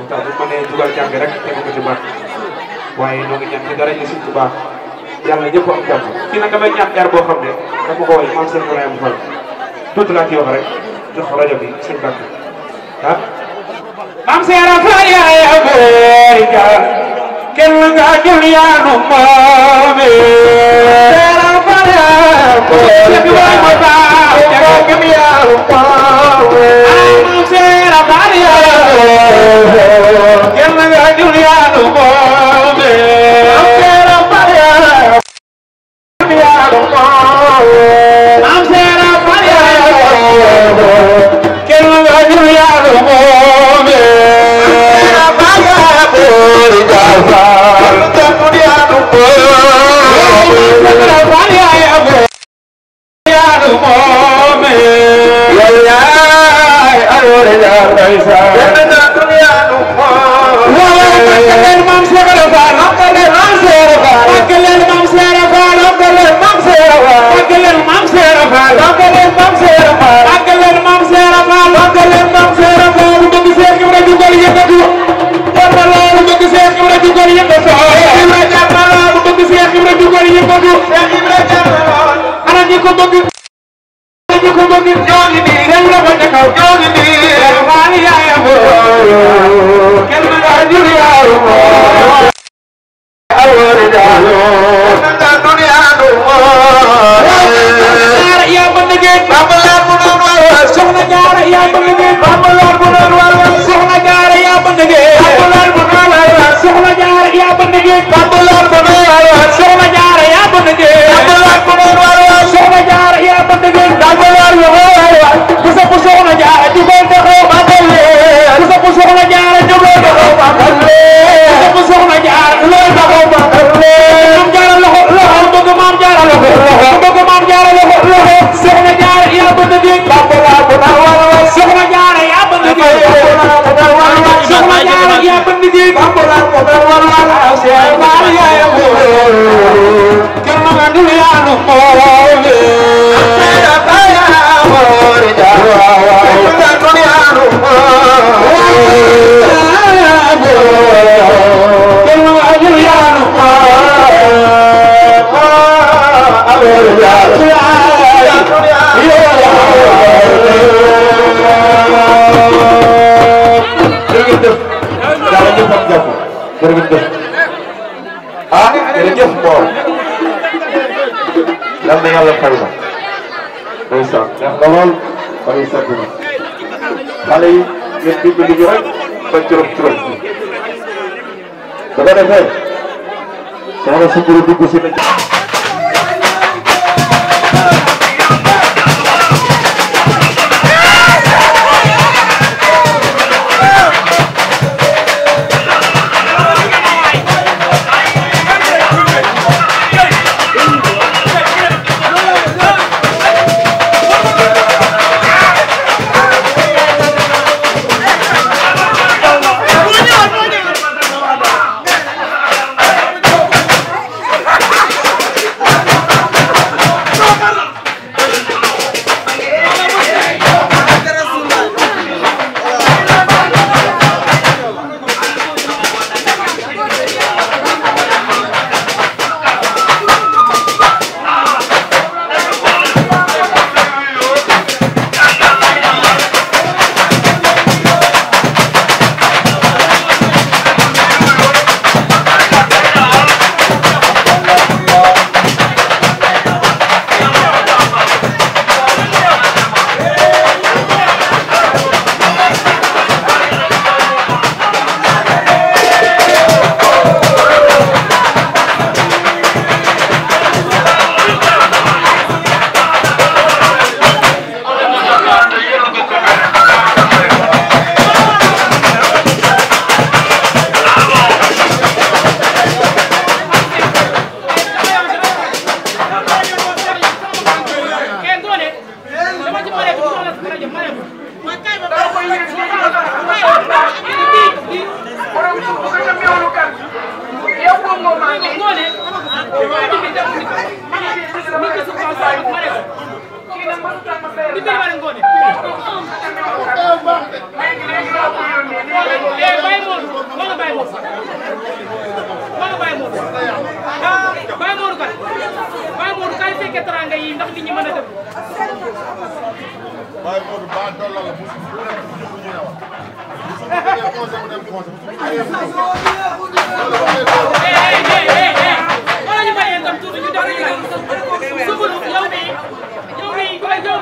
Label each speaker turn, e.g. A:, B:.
A: moom tax bu ko nee dugal jàng rek tegu ko ci baat waaye ñoo ngi ñaan ci dara ñu suñ bu baax yàlla ñëpp am jàmm kii nag damay ñaan air boo xam ne dama ko woy maam seen Ibrahima Fall tuuti laa ci wax rek jox rajo bi seen bàkk ah maam seen Rafal yaay Amérique kenn nga jul yaa nu maame bëgg Cheikh Ibra Jalla ana ñi ko bëgg ñi ko bëgg ñoo ngi nii réew la ko jakaw ñoo ngi nii raani yaaya bo kenn ma daa jur yaaru mo awore daalo nanda duniyaa du mo yaa bëgg ngeen bamba laa mu doon waaye soxna jaara yaa bëgg jërëjëf ah jërëjëf Mbow. yàlla fay na ndeysaan neex na lool ba muy sedd na xale yi ngeen déglu li ñu rek ba curob curob bi da ko defee soxna Soumboulou dugg si na di biir wala ngoone. eh Baye Modou wala Baye Modou wala Baye Modou ah Baye Modou kat Baye Modou kaay fekkee teraanga yi ndax nit ñi mën a la mosu bu nekk bu ñu ñu newal. mosu bu ñu nee conseil dem